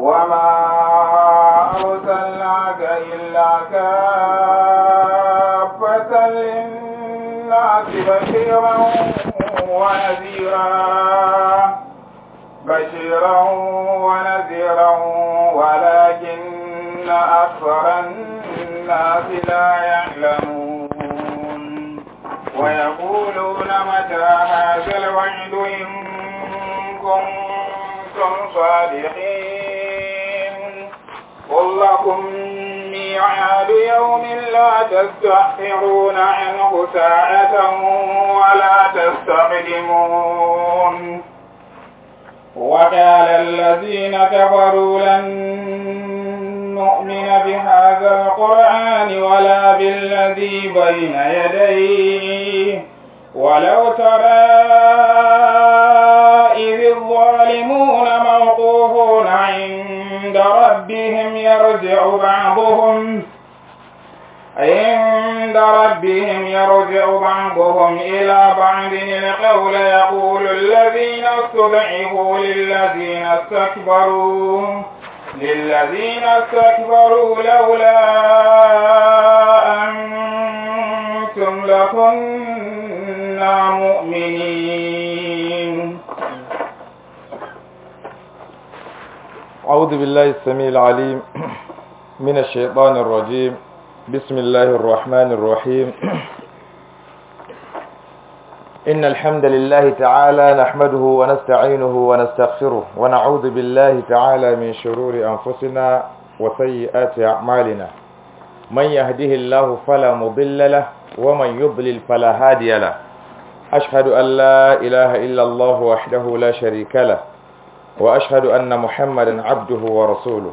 وما أرسلناك إلا كافة للناس بشيرا ونذيرا بشيرا ونذيرا ولكن أكثر الناس لا يعلمون ويقولون متى هذا الوعد إن كنتم صادقين قل لكم ميعاد يوم لا تستأخرون عنه ساعة ولا تستقدمون وقال الذين كفروا لن نؤمن بهذا القرآن ولا بالذي بين يديه ولو ترى يرجع بعضهم عند ربهم يرجع بعضهم إلى بعض القول يقول الذين استضعفوا للذين استكبروا للذين استكبروا لولا أنتم لكنا مؤمنين أعوذ بالله السميع العليم من الشيطان الرجيم بسم الله الرحمن الرحيم إن الحمد لله تعالى نحمده ونستعينه ونستغفره ونعوذ بالله تعالى من شرور أنفسنا وسيئات أعمالنا من يهده الله فلا مضل له ومن يضلل فلا هادي له أشهد أن لا إله إلا الله وحده لا شريك له وأشهد أن محمدا عبده ورسوله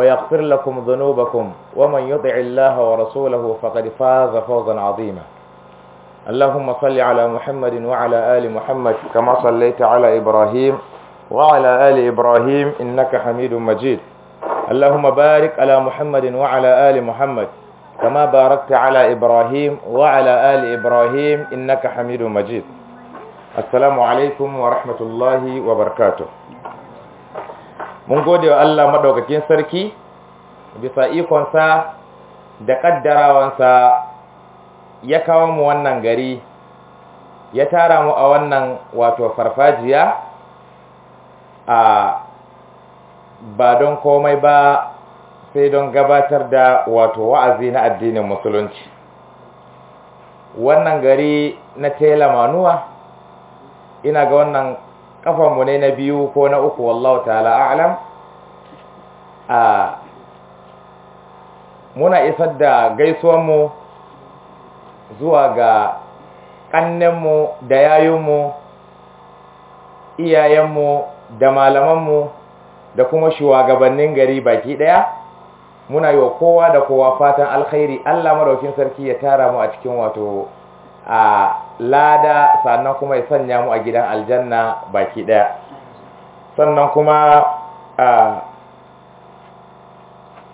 ويغفر لكم ذنوبكم ومن يطع الله ورسوله فقد فاز فوزا عظيما اللهم صل على محمد وعلى آل محمد كما صليت على إبراهيم وعلى آل إبراهيم إنك حميد مجيد اللهم بارك على محمد وعلى آل محمد كما باركت على إبراهيم وعلى آل إبراهيم إنك حميد مجيد السلام عليكم ورحمة الله وبركاته mun gode wa Allah madaukakin sarki bisa ikonsa da kaddarawansa ya kawo mu wannan gari ya tara mu a wannan wato farfajiya a ba don komai ba sai don gabatar da wato wa'azi na addinin musulunci wannan gari na tela manuwa ina ga wannan kafanmu ne na biyu ko na uku wallahu ta'ala a'lam a muna isar da gaisuwanmu zuwa ga ƙannenmu da yayunmu, iyayenmu da malamanmu da kuma shugabannin gari baki ɗaya muna yi wa kowa da kowa fatan alkhairi allah maraukin sarki ya tara mu a cikin wato a lada sannan kuma ya sanya mu a gidan aljanna baki daya sannan kuma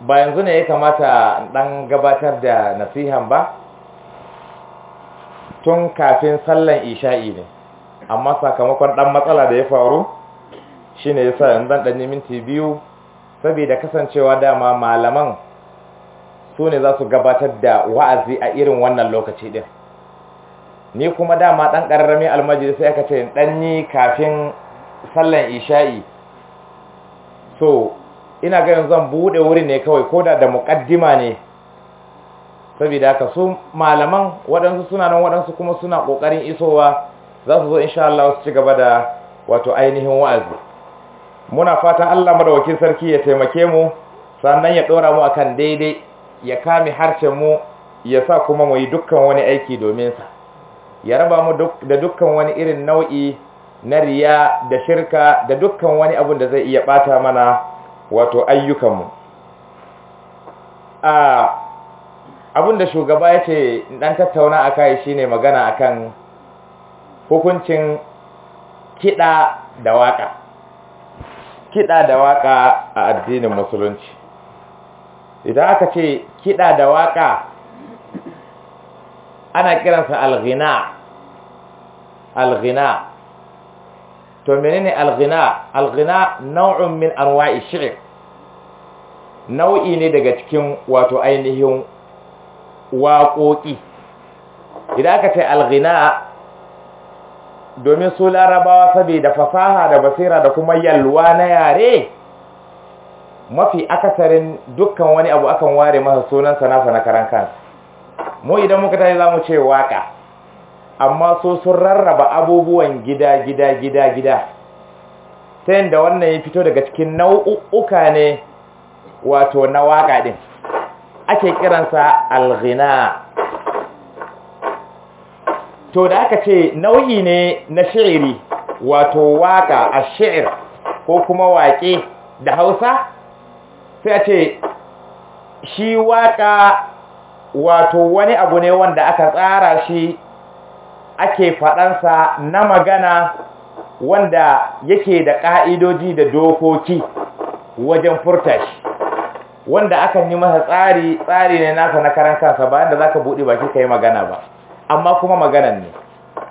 ba yanzu ne ya kamata dan gabatar da nasihan ba tun kafin sallan isha'i ne amma sakamakon dan matsala da ya faru shi ne ya sa yanzu dan danyi minti biyu saboda kasancewa dama malaman su ne za su gabatar da wa'azi a irin wannan lokaci ɗin. ni kuma dama ɗan kararrami almajiri sai aka ce ɗan yi kafin sallan isha'i so ina ga yanzu zan bude wuri ne kawai ko da muƙaddima ne saboda haka su malaman waɗansu suna nan waɗansu kuma suna ƙoƙarin isowa za su zo insha Allah su ci gaba da wato ainihin wa'azi muna fatan Allah madawakin sarki ya taimake mu sannan ya ɗora mu akan daidai ya kame harshen mu ya sa kuma mu yi dukkan wani aiki domin sa ya raba mu da dukkan wani irin nau'i na riya da shirka da dukkan wani abun da zai iya bata mana wato ayyukanmu abun da shugaba ya ce dan tattauna a kai shine magana akan hukuncin kiɗa da waƙa kiɗa da waƙa a addinin musulunci idan aka ce kiɗa da waƙa ana kiransa alghina alghina to menene alghina alghina nau'un min anwa'i shi'r nau'i ne daga cikin wato ainihin waƙoƙi idan aka ce alghina domin su larabawa saboda fasaha da basira da kuma yalwa na yare mafi akasarin dukkan wani abu akan ware masa sunan na karan kansa mu idan muka za mu ce waka amma so sun rarraba abubuwan gida gida gida gida ta yadda wannan ya fito daga cikin nau'uka ne wato na waka din ake kiransa alghina to da aka ce nau'i ne na shi'iri wato waka a shi'ir ko kuma waƙe da hausa sai a ce shi waka wato wani abu ne wanda aka tsara shi ake faɗansa na magana wanda yake da ƙa'idoji da dokoki wajen furta shi wanda aka yi masa tsari tsari ne nasa na karan kansa bayan da za ka buɗe baki ka yi magana ba amma kuma maganan ne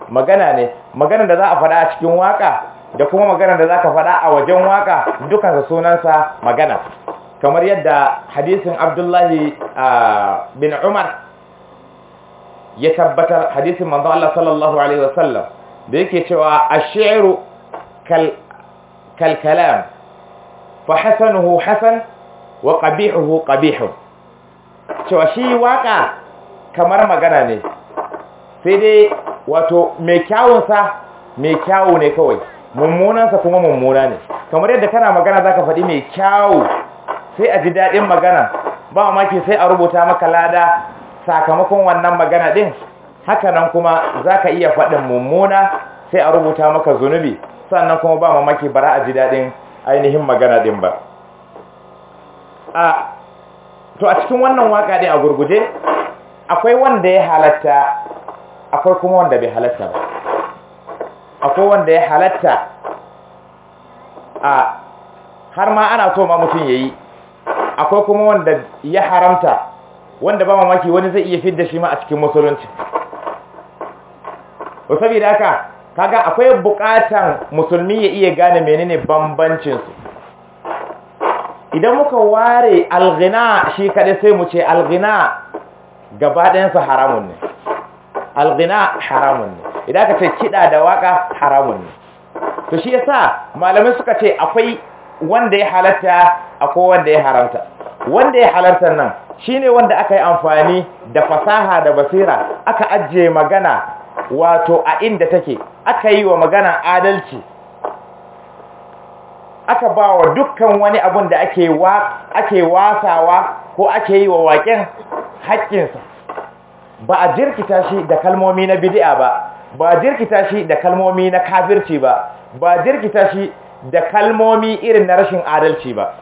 magana ne magana da za a faɗa a cikin waƙa da kuma magana da za ka faɗa a wajen waƙa dukansa sunansa magana kamar yadda hadisin abdullahi bin umar ya tabbatar hadisin manzo Allah sallallahu alaihi wasallam da yake cewa ash-shi'ru kal kalam fa hasanuhu hasan wa qabihuhu qabihu cewa shi waka kamar magana ne sai dai wato mai kyawunsa mai kyawu ne kawai mummunansa kuma mummuna ne kamar yadda kana magana zaka faɗi mai kyawu sai a ji daɗin magana ba mamaki sai a rubuta maka lada sakamakon wannan magana ɗin haka nan kuma za ka iya faɗin mummuna sai a rubuta maka zunubi sannan kuma ba mamaki bara a ji daɗin ainihin magana ɗin ba a to a cikin wannan waka ɗin a gurguje akwai wanda ya halatta akwai kuma wanda bai halatta ba akwai wanda ya halatta a har ma ana so ma mutum ya yi akwai kuma wanda ya haramta wanda ba mamaki wani zai iya fidda shi ma a cikin musulunci Ba saboda haka kaga akwai bukatan musulmi ya iya gane menene bambancin su idan muka ware alghina shi kada sai mu ce alghina gaba ɗayan su haramun ne alghina haramun ne idan aka ce kida da waka haramun ne to shi yasa malamai suka ce akwai wanda ya halarta akwai wanda ya haramta wanda ya halarta nan shine wanda aka yi amfani da fasaha da basira aka ajiye magana wato a inda take aka yi wa magana adalci aka ba wa dukkan wani abun da ake wasawa ko ake yi wa waƙen haƙƙinsa ba a jirkita shi da kalmomi na bid'a ba ba a jirkita shi da kalmomi na kafirci ba ba a jirkita shi da kalmomi irin na rashin adalci ba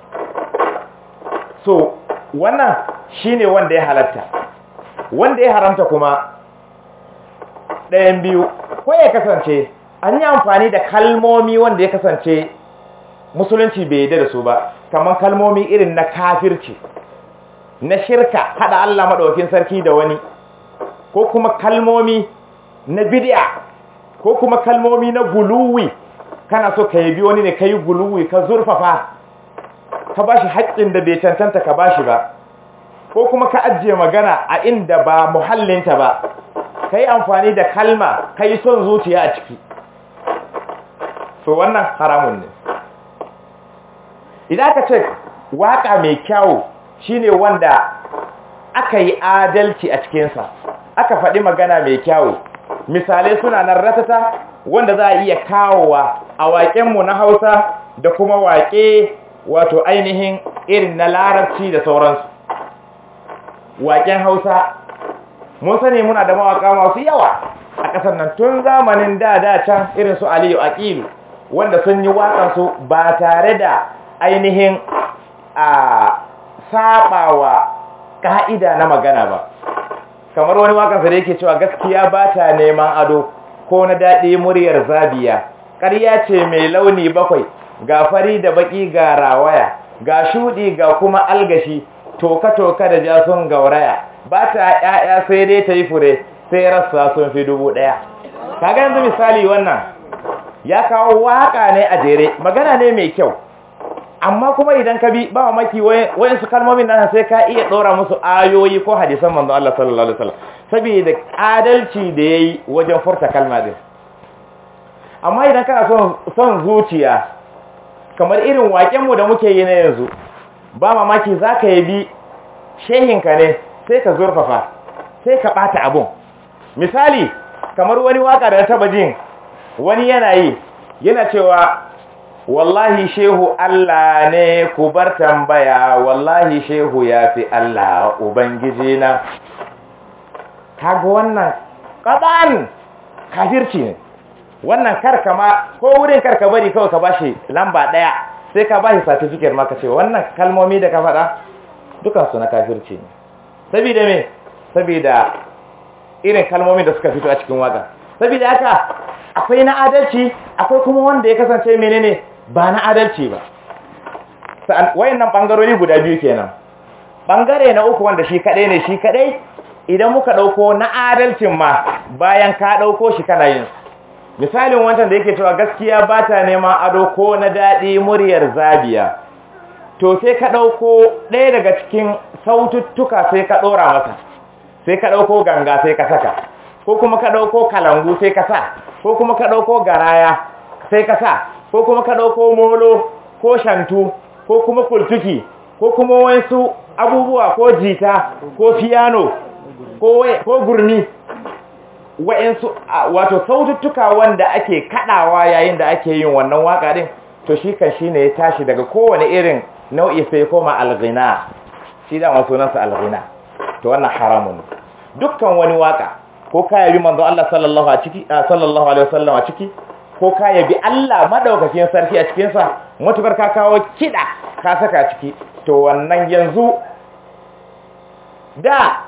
so wannan shine wanda ya halatta wanda ya haramta kuma ɗayan biyu ko ya kasance an yi amfani da kalmomi wanda ya kasance musulunci bai yi da su ba kamar kalmomi irin na kafirci na shirka haɗa Allah maɗaukin sarki da wani ko kuma kalmomi na bidiya. ko kuma kalmomi na guluwi kana so ka yabi wani ne ka yi guluwi ka zurfafa ka ba shi haƙƙin da bai cancanta ka ba shi ba ko kuma ka ajiye magana a inda ba muhallinta ba ka yi amfani da kalma ka yi son zuciya a ciki so wannan haramun ne idan ka ce waƙa mai kyawu ne wanda aka yi adalci a cikinsa aka faɗi magana mai kyawu misalai suna nan ratata wanda za a iya kawowa a waƙenmu na hausa da kuma waƙe wato ainihin irin na larabci da sauransu waƙen hausa mun sani muna da mawaƙa masu yawa a ƙasar nan tun zamanin da da can irin su aliyu aƙilu wanda sun yi waƙansu ba tare da ainihin a saɓawa ƙa'ida na magana ba kamar wani waƙansa da yake cewa gaskiya ba ta neman ado ko na daɗi muryar zabiya ƙarya ce mai launi bakwai ga fari da baƙi ga rawaya ga shuɗi ga kuma algashi toka-toka da ja gauraya ba ta ‘ya'ya sai dai ta yi fure sai rasa sun fi dubu ɗaya Ka ga yanzu misali wannan ya kawo waƙa ne a jere magana ne mai kyau amma kuma idan ka bi ba wa maki wayansu kalmomin nan sai ka iya ɗora musu ayoyi ko hadisan manzo Allah sallallahu alaihi wasallam saboda adalci da ya yi wajen furta kalma din amma idan kana son son zuciya kamar irin waƙenmu da muke yi na yanzu ba mamaki za ka zaka shehin shehinka ne sai ka zurfafa sai ka ɓata abun misali kamar wani waƙa da taba jin wani yana yi yana cewa wallahi shehu Allah ne ku bar tambaya wallahi shehu ya fi Allah ubangiji na kaga wannan ƙaɗan kafirci ne wannan karka ma ko wurin karka bari kawai ka bashi lamba ɗaya sai ka bashi certificate maka ce wannan kalmomi da ka faɗa dukansu na kafirci ne saboda me saboda irin kalmomi da suka fito a cikin waka saboda haka akwai na adalci akwai kuma wanda ya kasance menene ba na adalci ba wayannan bangarori guda biyu kenan bangare na uku wanda shi kadai ne shi kadai idan muka ɗauko na adalcin ma bayan ka ɗauko shi kana yin su. misalin wancan da yake cewa gaskiya ba ta neman ado ko na daɗi muryar zabiya to sai ka ɗauko ɗaya daga cikin saututtuka sai ka ɗora masa sai ka ɗauko ganga sai ka saka ko kuma ka ɗauko kalangu sai ka sa ko kuma ka ɗauko garaya sai ka sa ko kuma ka ɗauko molo ko shantu ko kuma kultuki ko kuma wasu abubuwa ko jita ko fiyano ko gurni wa'insu wato saututtuka wanda ake kadawa yayin da ake yin wannan waka din to shi kan shine ya tashi daga kowane irin nau'i sai koma alghina shi da wasu nasu alghina to wannan haramun dukkan wani waka ko ka yabi manzo Allah sallallahu a ciki sallallahu alaihi wasallam a ciki ko ka yabi Allah madaukakin sarki a cikin sa mutubar ka kawo kida ka saka ciki to wannan yanzu da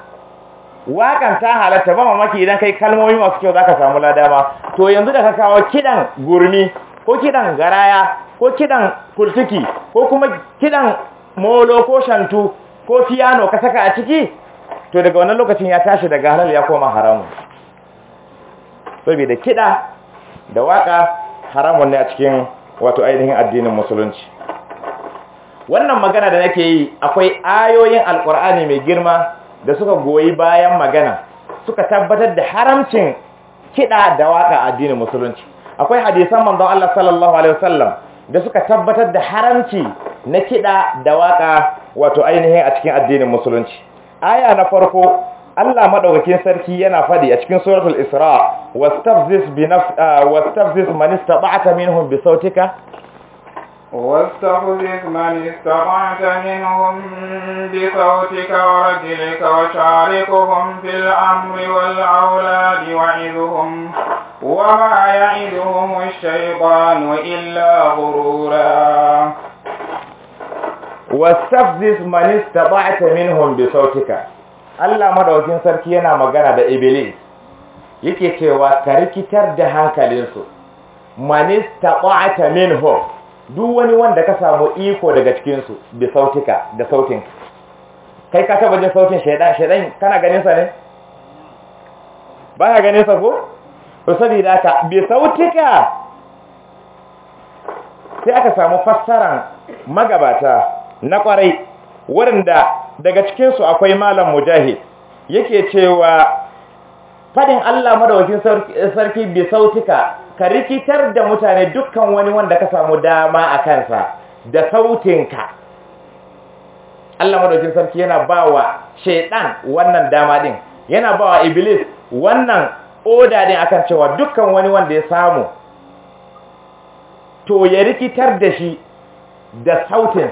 Wakan ta halatta ba mamaki idan kai kalmomi masu kyau zaka samu lada ba to yanzu da ka kawo kidan gurmi ko kidan garaya ko kidan kultuki ko kuma kidan molo ko shantu ko fiyano ka saka a ciki to daga wannan lokacin ya tashi daga halal ya koma haramu. saboda kida da waka haramu ne a cikin wato ainihin addinin musulunci wannan magana da nake yi akwai ayoyin alkur'ani mai girma da suka goyi bayan magana suka tabbatar da haramcin kiɗa da waka addinin musulunci akwai hadisan manzon Allah sallallahu alaihi wasallam da suka tabbatar da haramci na kiɗa da waƙa wato ainihin a cikin addinin musulunci aya na farko Allah madaukakin sarki yana fadi a cikin suratul Isra wastafzis bi nafs ah, wastafzis man istata'ta minhum bi sautika واستخذف من استطعت منهم بصوتك ورجلك وشاركهم في الأمر والأولاد وعدهم وما يعدهم الشيطان إلا غرورا واستفزز من استطعت منهم بصوتك Allah madaukin sarki yana magana da Iblis yake cewa ka rikitar da hankalinsu man istata'ta minhum duk wani wanda ka samu iko daga cikinsu bi sautika da sautin kai ka taba jin sautin shaidan shaidan kana ganin sa ne ba ka ganin sa ko to saboda haka bi sautika sai aka samu fassaran magabata na kwarai wanda daga cikinsu akwai malam mujahid yake cewa fadin Allah madawakin sarki bi sautika ka rikitar da mutane dukkan wani wanda ka samu dama a kansa da sautinka Allah madaukin sarki yana bawa shaidan wannan dama din yana bawa iblis wannan oda din akan cewa dukkan wani wanda ya samu to ya rikitar da shi da sautin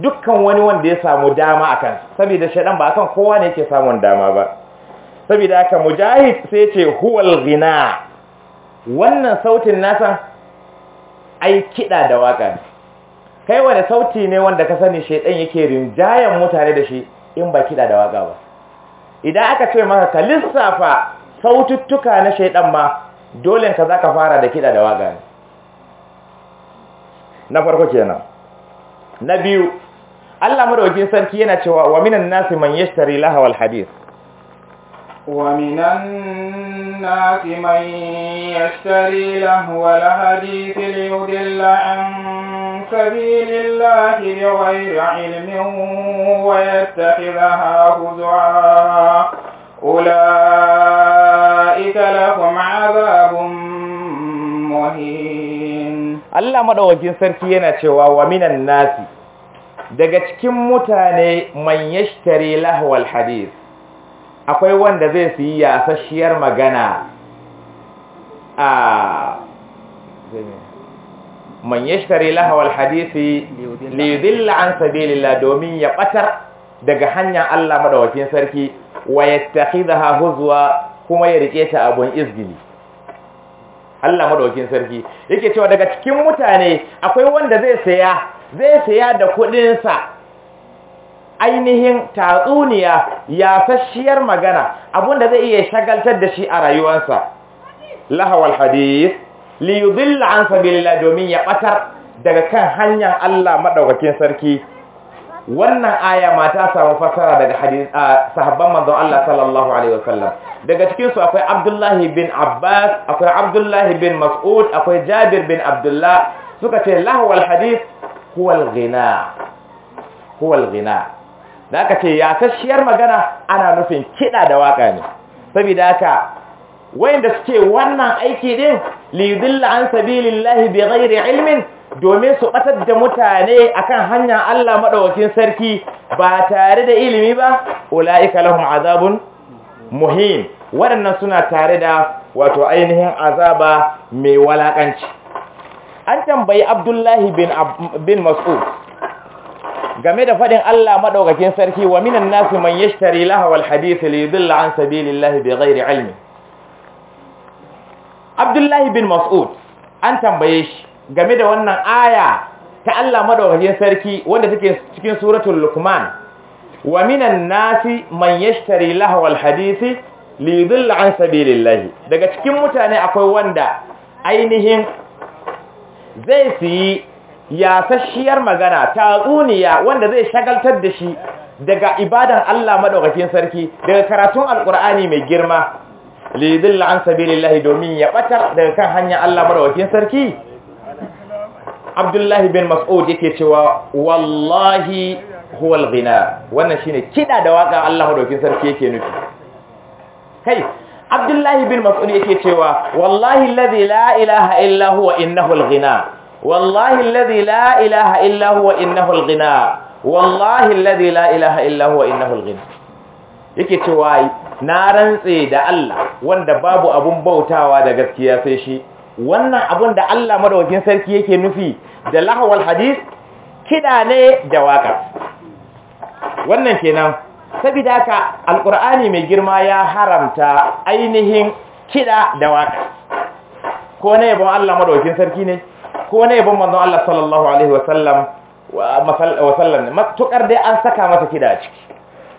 dukkan wani wanda ya samu dama a kansa saboda shaidan ba akan kowa ne yake samun dama ba saboda aka mujahid sai ce huwal ghina wannan sautin nasa ai kiɗa da waƙa kai wani sauti ne wanda ka sani shaidan yake rinjayen mutane da shi in ba kiɗa da waƙa ba idan aka ce maka ka lissafa saututtuka na shaidan ma dole ka zaka fara da kiɗa da waƙa ne na farko kenan na biyu Allah madaukakin sarki yana cewa wa minan nasi man yashtari lahawal hadith ومن الناس من يشتري لهو الحديث ليضل عن سبيل الله بغير علم ويتخذها هزعا أولئك لهم عذاب مهين الله مدوكين سركينا شوا ومن الناس daga cikin mutane man yashtari lahwal hadith akwai wanda zai su yi yasashiyar magana a man yashtari lahawal hadisi li an sabilillah domin ya ɓatar daga hanyar Allah madawakin sarki wa yattakhidha huzwa kuma ya rike ta abun izgili Allah madawakin sarki yake cewa daga cikin mutane akwai wanda zai saya zai saya da kuɗinsa. ainihin tatsuniya yasasshiyar magana abinda zai iya shagaltar da shi a rayuwarsa lahawal hadith li yudilla an sabilillah domin ya batar daga kan hanyar Allah madaukakin sarki wannan aya ma ta samu fasara daga sahabban manzon Allah sallallahu alaihi wasallam daga cikin su akwai Abdullahi bin Abbas akwai Abdullahi bin Mas'ud akwai Jabir bin Abdullah suka ce lahwal hadis huwa al-ghina huwa al-ghina da aka ce yasasshiyar magana ana nufin kiɗa da waƙa ne saboda haka wayanda suke wannan aiki din liyudilla an sabilillahi bighairi ilmin domin su batar da mutane akan hanya Allah madawakin sarki ba tare da ilimi ba ulaika lahum azabun muhim waɗannan suna tare da wato ainihin azaba mai walakanci an tambayi Abdullahi bin bin Mas'ud game da faɗin Allah maɗaukakin sarki wa minan nasu man yashtari lahawal hadith li yudilla an sabilillahi ilmi Abdullahi bin Mas'ud an tambaye shi game da wannan aya ta Allah maɗaukakin sarki wanda take cikin suratul lukman. wa minan nasi man yashtari lahawal hadith li yudilla an sabilillahi daga cikin mutane akwai wanda ainihin zai siyi Ya yasasshiyar magana ta tatsuniya wanda zai shagaltar da shi daga ibadan Allah madaukakin sarki daga karatun alkur'ani mai girma lidilla an sabilillahi domin ya batar daga kan hanyar Allah madaukakin sarki Abdullahi bin Mas'ud yake cewa wallahi huwal ghina wannan shine kida da waka Allah madaukakin sarki yake nufi kai Abdullahi bin Mas'ud yake cewa wallahi alladhi la ilaha illa huwa innahu al-ghina والله الذي لا إله إلا هو إنه الغناء والله الذي لا إله إلا هو إنه الغناء yake cewa na rantse da Allah wanda babu abun bautawa da gaskiya sai shi wannan abun da Allah madaukakin sarki yake nufi da lahawal hadis. kida ne da waka wannan kenan saboda haka alqur'ani mai girma ya haramta ainihin kida da waka ko ne ba Allah sarki ne ko abin yabon manzon Allah sallallahu alaihi wasallam wasallam matukar dai an saka mata kida a ciki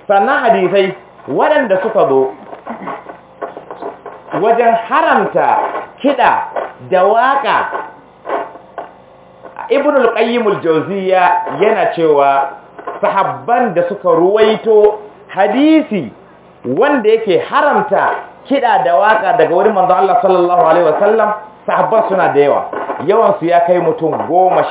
sannan hadisai waɗanda suka zo wajen haramta kida da waƙa. ibn al-qayyim al-jawziya yana cewa sahabban da suka ruwaito hadisi wanda yake haramta kiɗa da waƙa daga wurin manzon Allah sallallahu alaihi wasallam sahabban suna da yawa yawan su ya kai mutum goma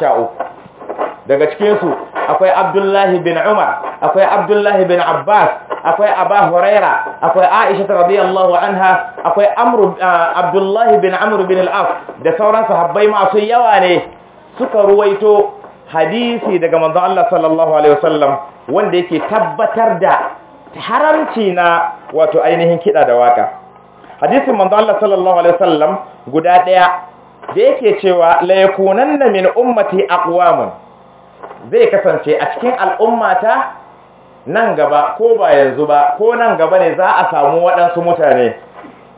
daga cikin su akwai Abdullahi bin Umar akwai Abdullahi bin Abbas akwai Aba Huraira akwai Aisha radhiyallahu anha akwai Amr uh, Abdullahi bin Amr bin al-As da sauran sahabbai masu yawa ne suka ruwaito hadisi daga manzon Allah sallallahu alaihi wasallam wanda yake tabbatar da haramci na wato ainihin kida da waka hadisin manzo Allah sallallahu alaihi wasallam guda daya da yake cewa la yakunanna min ummati aqwamun zai kasance a cikin al'ummata nan gaba ko ba yanzu ba ko nan gaba ne za a samu waɗansu mutane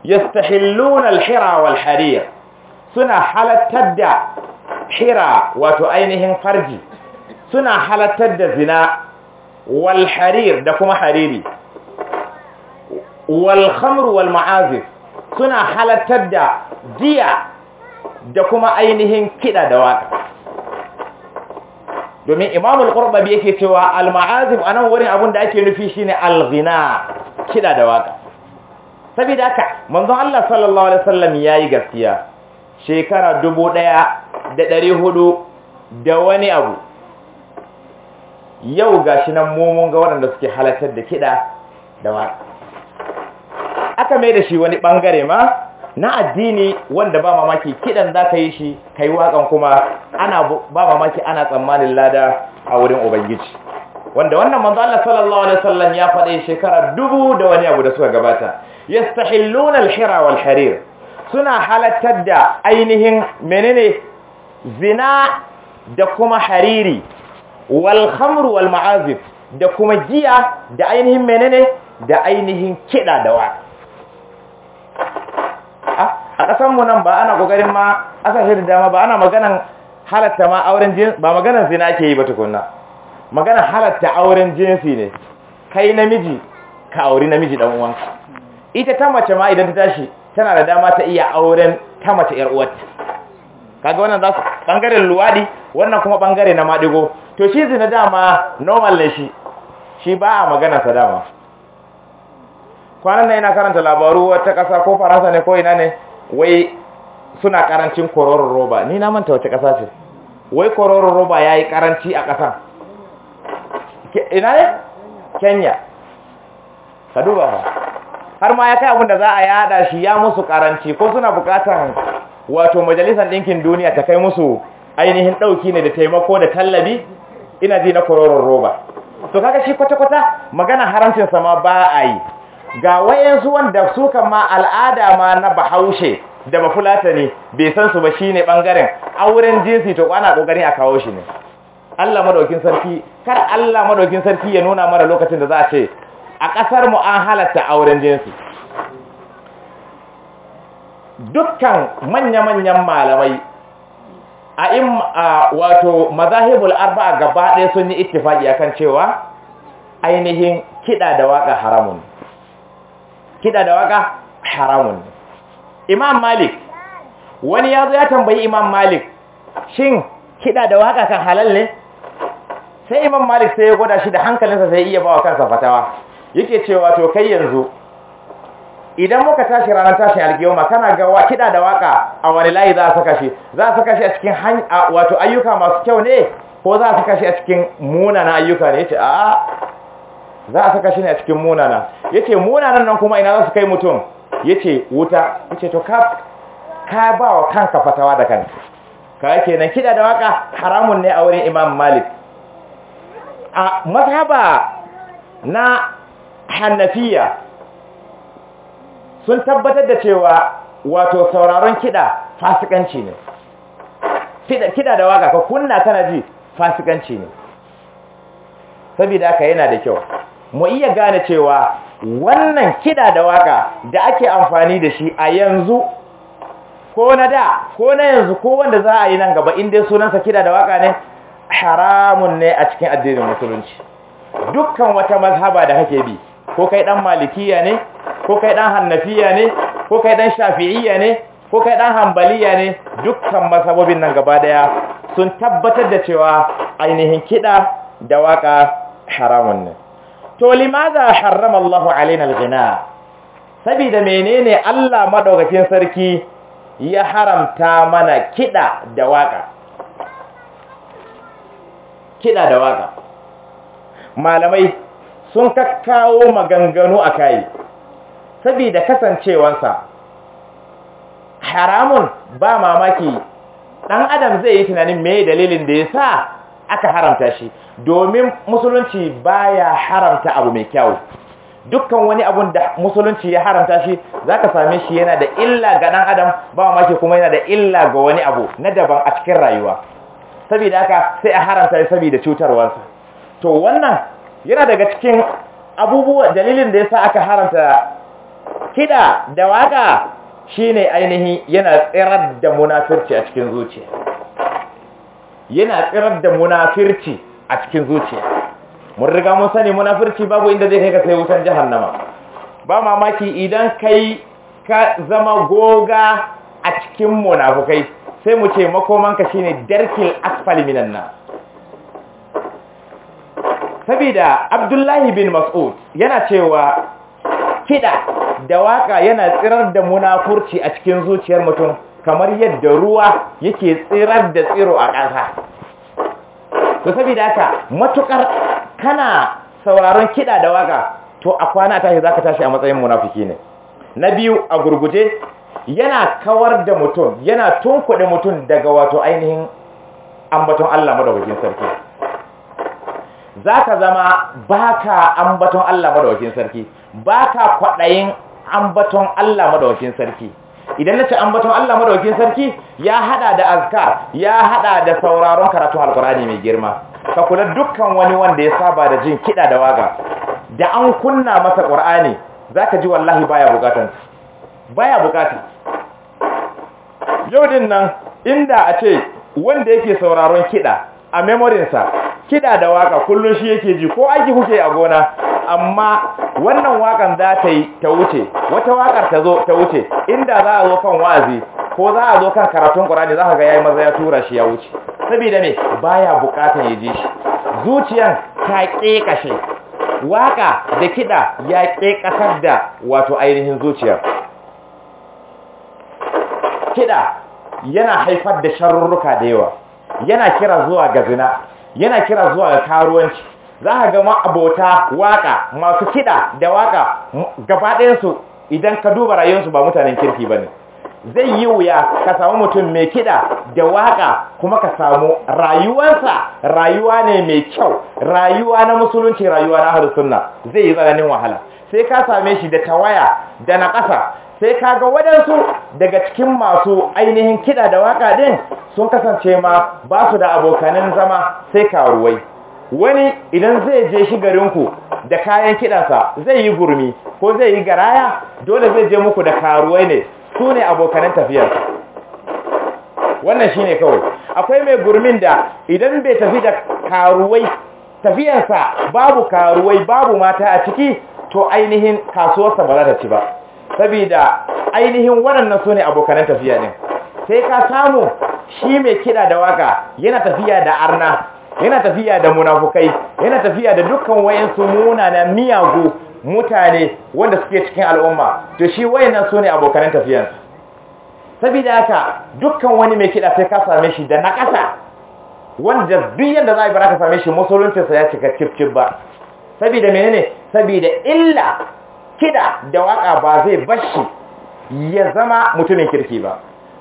yastahilluna al-hira wal harir suna halattar da hira wato ainihin farji suna halattar da zina wal harir da kuma hariri wal khamr wal ma'azif suna halartar da giya da kuma ainihin kiɗa da waƙa domin imamul ƙurɓabi yake cewa al-ma'azim a wurin abin da ake nufi shine ne al ghina kiɗa da waƙa saboda haka manzon Allah sallallahu alaihi wasallam yayi gaskiya shekara dubu ɗaya da ɗari hudu da wani abu yau gashi nan mumun ga waɗanda suke halartar da kiɗa da waƙa aka mai da shi wani bangare ma na addini wanda ba mamaki kidan za ka yi shi ka yi kuma ana ba mamaki ana tsammanin lada a wurin ubangiji wanda wannan manzo Allah sallallahu alaihi wasallam ya faɗa shekara dubu da wani abu da suka gabata yastahilluna al-hira wal suna halattar da ainihin menene zina da kuma hariri wal khamr wal ma'azif da kuma giya da ainihin menene da ainihin kida da waka a ƙasanmu nan ba ana ƙoƙarin ma asashe da dama ba ana maganan halatta ma auren jinsi ba maganan zina ake yi ba tukunna maganan halatta auren jinsi ne kai namiji ka auri namiji dan uwanka ita ta mace ma idan ta tashi tana da dama ta iya auren ta mace yar uwarta kaga wannan za su bangaren luwaɗi, wannan kuma bangare na madigo to shi zina dama normal ne shi shi ba a maganan sa dama kwanan nan ina karanta labaru wata kasa ko faransa ne ko ina ne wai suna karancin kororon roba ni na manta wace ƙasa ce wai kororon roba ya yi karanci a ƙasan ina ne kenya ka duba ba har ma ya kai abin da za a yada shi ya musu karanci ko suna bukatan wato majalisar ɗinkin duniya ta kai musu ainihin ɗauki ne da taimako da tallabi ina ji na kororon roba to kaga shi kwata-kwata magana haramcinsa ma ba a yi ga wayansu wanda su ma al'ada ma na bahaushe da bafulata ne bai san su ba shine bangaren auren jinsi to ana kokari a kawo shi ne Allah madaukin sarki kar Allah madaukin sarki ya nuna mara lokacin da za a ce a kasar mu an halatta auren jinsi dukkan manya-manyan malamai a in wato mazahibul arba'a gaba ɗaya sun yi ittifaqi akan cewa ainihin kiɗa da waka haramun kiɗa da waka haramun imam malik wani ya zo ya tambayi imam malik shin kiɗa da waka kan halal ne sai imam malik sai ya gwada shi da hankalinsa sai iya bawa kansa fatawa yake cewa to kai yanzu idan muka tashi ranar tashin algiyoma kana ga wa kiɗa da waka a wani layi za a saka shi za a saka shi a cikin wato ayyuka masu kyau ne ko za a saka shi a cikin munana ayyuka ne ce a za a saka shi ne a cikin munana Ya ce munanan nan kuma ina za su kai mutum Ya ce wuta ce to ka ba wa kanka fatawa da kanka ka kenan kida da waka haramun ne a wurin Imam Malik a mazhaba na Hanafiya sun tabbatar da cewa wato sauraron kida fasikanci ne kida da waka ka kunna tana ji fasikanci ne saboda haka yana da kyau mu iya gane cewa wannan kiɗa da waka da ake amfani da shi a yanzu ko na da ko na yanzu ko wanda za a yi nan gaba inda sunansa kiɗa da waka ne haramun ne a cikin addinin musulunci dukkan wata mazhaba da kake bi ko kai dan malikiya ne ko kai dan hannafiya ne ko kai dan shafi'iyya ne ko kai dan hanbaliya ne dukkan mazhabobin nan gaba daya sun tabbatar da cewa ainihin kiɗa da waka haramun ne to limaza harrama Allahu alaina alghina saboda menene Allah madaukakin sarki ya haramta mana kida da waka kida da waka malamai sun kakkawo maganganu akai saboda kasancewansa haramun ba mamaki dan adam zai yi tunanin me dalilin da yasa aka haramta shi domin musulunci baya haramta abu mai kyau dukkan wani abu da musulunci ya haramta shi zaka same shi yana da illa ga ɗan adam ba ke kuma yana da illa ga wani abu na daban a cikin rayuwa saboda haka sai a haramta shi saboda cutarwarsa to wannan yana daga cikin abubuwa dalilin da yasa aka haramta kida da waka shine ainihi yana tsirar da munafirci a cikin zuciya yana tsirar da munafirci a cikin zuciya mun riga mun sani munafurci babu inda zai kai ka sai wutar jahannama ba mamaki idan kai ka zama goga a cikin munafukai sai mu ce makomanka shine darkil asfal minan nan saboda abdullahi bin mas'ud yana cewa kida da waka yana tsirar da munafurci a cikin zuciyar mutum kamar yadda ruwa yake tsirar da tsiro a ƙasa to saboda haka matukar kana sauraron kiɗa da waka to a kwana tashi zaka tashi a matsayin munafiki ne na biyu a gurguje yana kawar da mutum yana tunkuɗe mutum daga wato ainihin ambaton Allah madaukakin sarki zaka zama baka ambaton Allah madaukakin sarki baka kwaɗayin ambaton Allah madaukakin sarki idan na an ambaton Allah madaukin sarki ya hada da azkar ya hada da sauraron karatu alqurani mai girma ka kula dukkan wani wanda ya saba da jin kida da waga da an kunna masa qur'ani zaka ji wallahi baya bukatan baya bukata yau din nan inda a ce wanda yake sauraron kida a memorinsa kiɗa da waka kullum shi yake ji ko aiki kuke a gona amma wannan wakan za ta yi ta wuce wata wakar ta zo ta wuce inda za a zo kan wa'azi ko za a zo kan karatun Qur'ani za ka ga yayi maza ya tura shi ya wuce saboda ne baya buƙatar ya ji shi zuciyan ta kashe waka da kiɗa ya ƙeƙasar da wato ainihin zuciyar kiɗa yana haifar da sharurruka da yawa yana kira zuwa ga zina yana kira zuwa ga karuwanci za ka ga abota waka masu kiɗa da waka gaba idan ka duba rayuwarsu ba mutanen kirki ba ne zai yi wuya ka samu mutum mai kiɗa da waka kuma ka samu rayuwarsa rayuwa ne mai kyau rayuwa na musulunci rayuwa na ahlus zai yi tsananin wahala sai ka same shi da tawaya da na ƙasa sai ka ga waɗansu daga cikin masu ainihin kiɗa da waƙa ɗin sun kasance ma ba su da abokanin zama sai karuwai wani idan zai je shi garinku da kayan kiɗansa zai yi gurmi ko zai yi garaya dole zai je muku da karuwai ne su ne abokanin tafiyarsa wannan shi ne kawai akwai mai gurmin da idan bai tafi da karuwai tafiyarsa babu karuwai babu mata a ciki to ainihin kasuwarsa ba za ta ci ba saboda ainihin waɗannan su ne abokanan tafiya ne sai ka samu shi mai kiɗa da waka yana tafiya da arna yana tafiya da munafukai yana tafiya da dukkan wayansu munana miyagu mutane wanda suke cikin al'umma to shi wayannan su ne abokanan tafiyan saboda haka dukkan wani mai kiɗa sai ka same shi da nakasa wanda duk yanda za a yi ka same shi musuluncinsa ya cika cif ba saboda menene saboda illa Kida da waka ba zai bashi ya zama mutumin kirki ba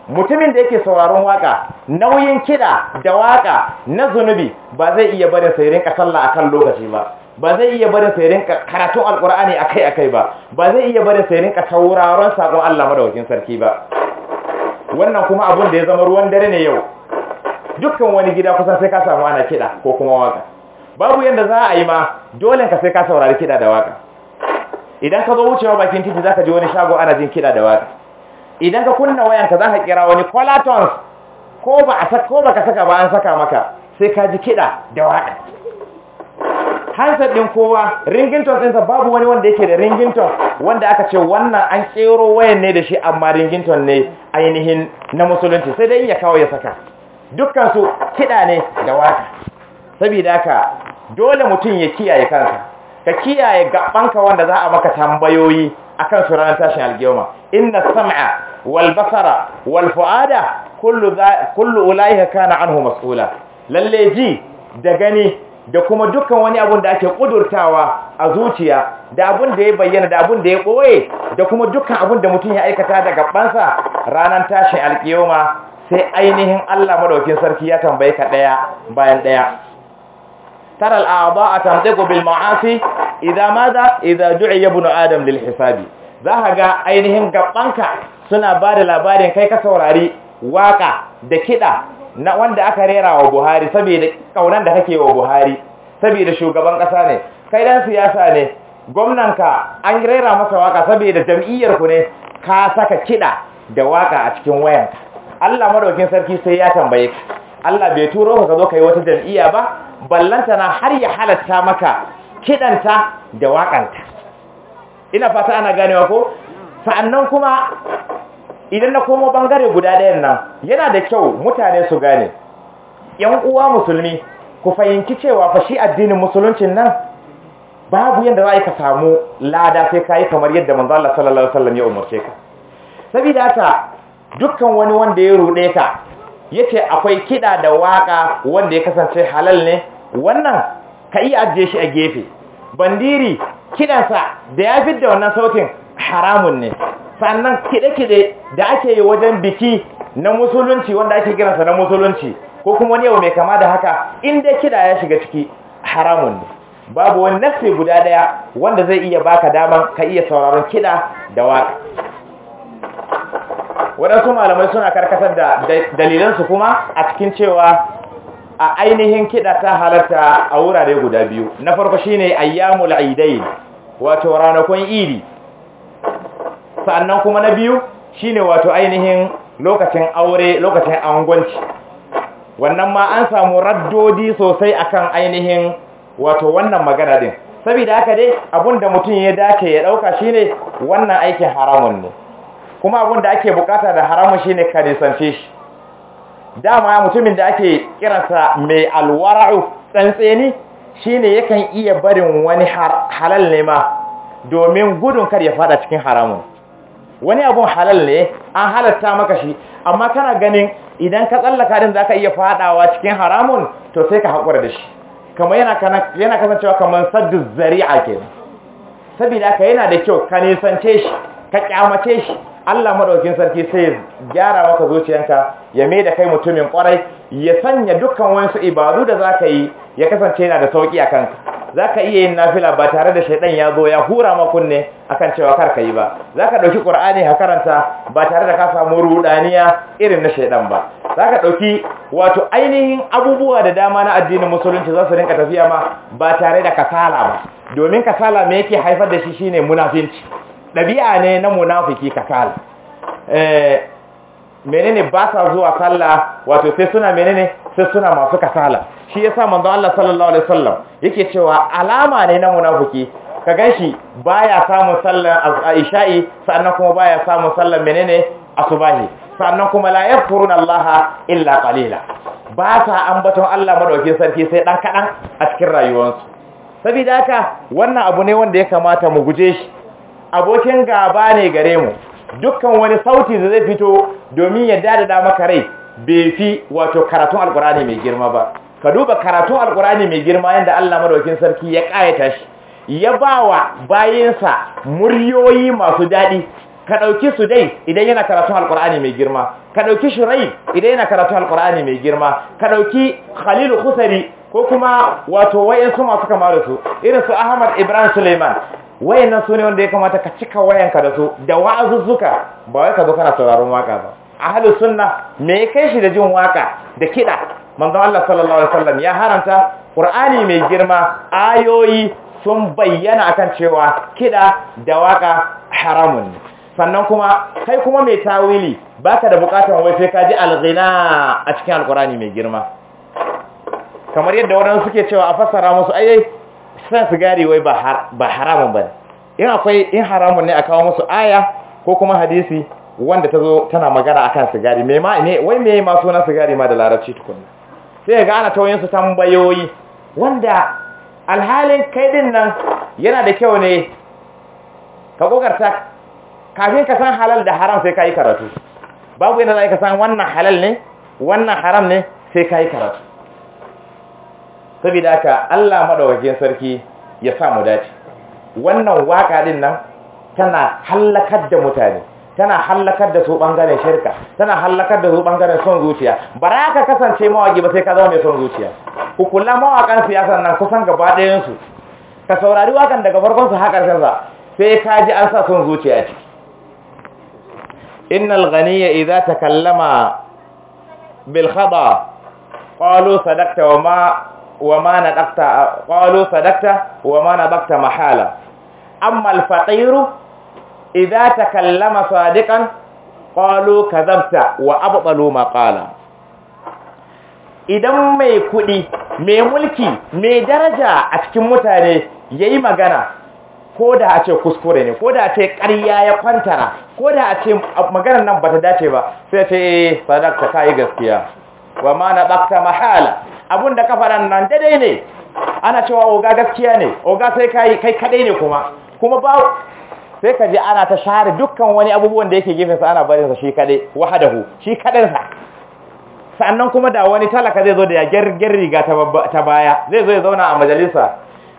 mutumin da yake sauraron waka nauyin kiɗa da waƙa na zunubi ba zai iya barin sai rinka a akan lokaci ba ba zai iya barin sai karatun alkur'ani akai-akai ba ba zai iya barin sai rinka sauraron sakon Allah madaukakin sarki ba wannan kuma abun da ya zama ruwan dare ne yau dukkan wani gida kusan sai ka samu ana kiɗa ko kuma waka babu yanda za a yi ma dole ka sai ka saurari kiɗa da waka idan ka zo wucewa bakin titi zaka ji wani shago ana jin kiɗa da waka idan ka kunna wayanka zaka kira wani colatons ko ba a saka ko baka saka ba an saka maka sai ka ji kiɗa da waka Hansa din kowa ringington ɗinsa babu wani wanda yake da Ringinton, wanda aka ce wannan an kero wayan ne da shi amma Ringinton ne ainihin na musulunci sai dai ya kawo ya saka Dukkansu kiɗa ne da waka Sabida haka dole mutum ya kiyaye kansa ka kiyaye gaɓanka wanda za a maka tambayoyi akan su ranar tashin alkiyama inna sam'a wal basara wal fuada kullu kullu ulaiha kana anhu mas'ula lalle ji da gani da kuma dukkan wani abun da ake kudurtawa a zuciya da abun da ya bayyana da abun da ya ɓoye, da kuma dukkan abun da mutum ya aikata da gabansa ranar tashin alkiyama sai ainihin Allah madaukin sarki ya tambaye ka daya bayan ɗaya. ترى الأعضاء تهتك بالمعاصي إذا ماذا إذا دعي ابن آدم للحساب ذهب أينهم قبطنك suna ba da labarin kai ka saurari waka da kiɗa na wanda aka rera wa buhari saboda kaunan da kake wa buhari saboda shugaban ƙasa ne kai dan siyasa ne gwamnanka an rera masa waka jam'iyyar ku ne ka saka kiɗa da waka a cikin wayanka allah madaukin sarki sai ya tambaye ka Allah bai turo ka zo ka wata jam'iyya ba ballanta na har ya halatta maka kidanta da waƙanta ina fata ana ganewa ko sa'annan kuma idan na komo bangare guda ɗayan nan yana da kyau mutane su gane yan uwa musulmi ku fahimci cewa fa shi addinin musuluncin nan babu yanda za ka samu lada sai ka yi kamar yadda manzo Allah sallallahu alaihi wasallam ya umarce ka Sabida ta dukkan wani wanda ya rude ka yace akwai kida da waka wanda ya kasance halal ne wannan ka iya ajiye shi a gefe bandiri kidansa da ya fidda wannan sautin haramun ne sannan kide-kide da ake yi wajen biki na musulunci wanda ake kiransa na musulunci ko kuma wani yau mai kama da haka inda kida ya shiga ciki haramun ne babu wani nasi guda daya wanda zai iya baka daman ka iya sauraron kida da waka waɗansu malamai suna karkatar da dalilansu kuma a cikin cewa a ainihin kiɗa ta halarta a wurare guda biyu na farko shi ne ayyamul l'aidai, wato ranakun iri Sa'annan kuma na biyu shi ne wato ainihin lokacin aure lokacin angwanci wannan ma an samu raddodi sosai akan ainihin wato wannan magana din saboda haka dai abinda mutum ya dace ya ɗauka, shi ne wannan aikin haramun ne kuma abin da ake bukata da haramun shine ka nisance shi dama mutumin da ake kiransa mai alwara'u tsantseni shine yakan iya barin wani halal ne ma domin gudun kar ya fada cikin haramun wani abun halal ne an halatta maka shi amma kana ganin idan ka tsallaka din zaka iya fadawa cikin haramun to sai ka hakura da shi kamar yana kasancewa kamar saddu zari'a kenan saboda ka yana da kyau ka nisance shi ka kyamace shi Allah madaukin sarki sai gyara maka zuciyanka ya mai da kai mutumin kwarai ya sanya dukkan wasu ibadu da za ka yi ya kasance yana da sauki a kanka zaka iya yin nafila ba tare da shaidan ya zo ya hura ma kunne akan cewa kar ka yi ba zaka dauki qur'ani ka karanta ba tare da ka samu rudaniya irin na shaidan ba zaka ɗauki wato ainihin abubuwa da dama na addinin musulunci za su rinka tafiya ma ba tare da kasala ba domin kasala me yake haifar da shi shine munafinci ɗabi'a ne na munafiki kasal eh, menene ba sa zuwa sallah wato sai suna menene sai suna masu kasala shi yasa manzo Allah sallallahu alaihi wasallam yake cewa alama ne na munafiki ka ganshi baya samun sallar isha'i sannan kuma baya samun sallar menene asubahi sannan kuma la yadhkuruna Allah illa qalila ba sa ambaton Allah maɗauki sarki sai ɗan kaɗan a cikin rayuwarsu Sabida haka wannan abu ne wanda ya kamata mu guje shi abokin gaba ne gare mu dukkan wani sauti da zai fito domin ya da maka rai bai fi wato karatun alkurani mai girma ba ka duba karatun alkurani mai girma yadda Allah madaukin sarki ya kayata shi ya bawa bayansa muryoyi masu daɗi ka ɗauki su dai idan yana karatun alkur'ani mai girma ka ɗauki shirai idan yana karatun alkur'ani mai girma ka ɗauki khalilu husari ko kuma wato wayansu masu kama da su irin su ahmad ibrahim suleiman wayannan su ne wanda ya kamata ka cika wayanka da su da wa'azuzzuka ba wai ka zo kana sauraron waka ba ahlu sunna me kai shi da jin waka da kida manzon Allah sallallahu alaihi wasallam ya haranta qur'ani mai girma ayoyi sun bayyana akan cewa kida da waka haramun sannan kuma kai kuma mai tawili baka da bukatar wai sai ka ji alghina a cikin alqur'ani mai girma kamar yadda wadansu suke cewa a fassara musu ayyai sa sigari wai ba haramun ba ne in akwai in haramun ne a kawo musu aya ko kuma hadisi wanda ta zo tana magana akan sigari ma ne wai me ma suna sigari ma da larabci tukunna sai ga ana tawayin tambayoyi wanda alhalin kai nan yana da kyau ne ka kogarta kafin ka san halal da haram sai ka yi karatu babu yana yi ka san wannan halal ne wannan haram ne sai ka yi karatu saboda haka Allah madaukakin sarki ya sa mu dace wannan waka din nan tana halakar da mutane tana halakar da su bangaren shirka tana halakar da su bangaren son zuciya bara kasance mawaki ba sai ka zama mai son zuciya ku kula mawakan siyasan nan kusan gaba ɗayan su ka saurari wakan daga farkon su haƙar ƙarshen sai ka ji an sa son zuciya ciki innal ghaniya idza takallama bil khada qalu sadaqta wa ma wa ma nadaqta qalu sadaqta wa ma nadaqta mahala amma al-faqiru idza sadiqan qalu kadhabta wa abtalu ma idan mai kuɗi mai mulki mai daraja a cikin mutane yayi magana ko da a ce kuskure ne ko da a ce ƙarya ya kwantara ko da a ce maganar nan ba ta dace ba sai ce eh, ka yi gaskiya wa ma nadaqta mahala abun da ka faɗa nan daidai ne ana cewa oga gaskiya ne oga sai kai kai kadai ne kuma kuma ba sai ka ana ta share dukkan wani abubuwan da yake gefe sa ana barin sa shi kadai wahadahu shi kadai sa sannan kuma da wani talaka zai zo da ya gerger riga ta baya zai zo ya zauna a majalisa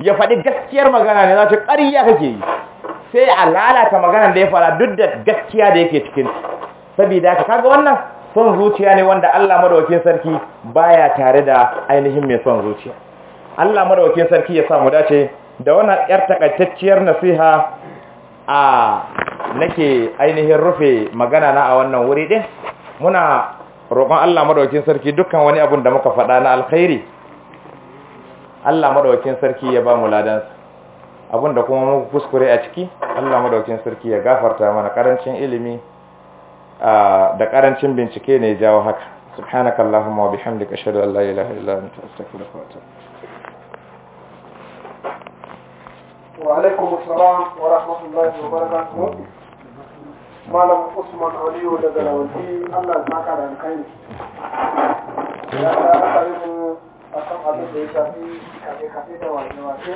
ya faɗi gaskiyar magana ne zai ce ƙarya kake yi sai a lalata maganar da ya fara duk da gaskiya da yake cikin sabida ka kaga wannan son zuciya ne wanda Allah madawakin sarki baya tare da ainihin mai son zuciya Allah madawakin sarki ya samu dace da wannan yar takaitacciyar nasiha a nake ainihin rufe magana na a wannan wuri din muna roƙon Allah madawakin sarki dukkan wani abun da muka faɗa na alkhairi Allah madawakin sarki ya ba mu ladansa abun da kuma muku kuskure a ciki Allah madawakin sarki ya gafarta mana karancin ilimi da karancin bincike ne jawo haka subhanaka allahumma wa bihamdika ashhadu an la ilaha illa anta astaghfiruka wa atubu wa alaikum assalam wa rahmatullahi wa barakatuh malam usman aliyu da rawanti allah ya saka da kai ya ta mu akan abin da ya shafi kafe-kafe da wani wace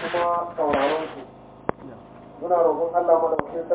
da kuma tauraron su muna roƙon allah madaukakin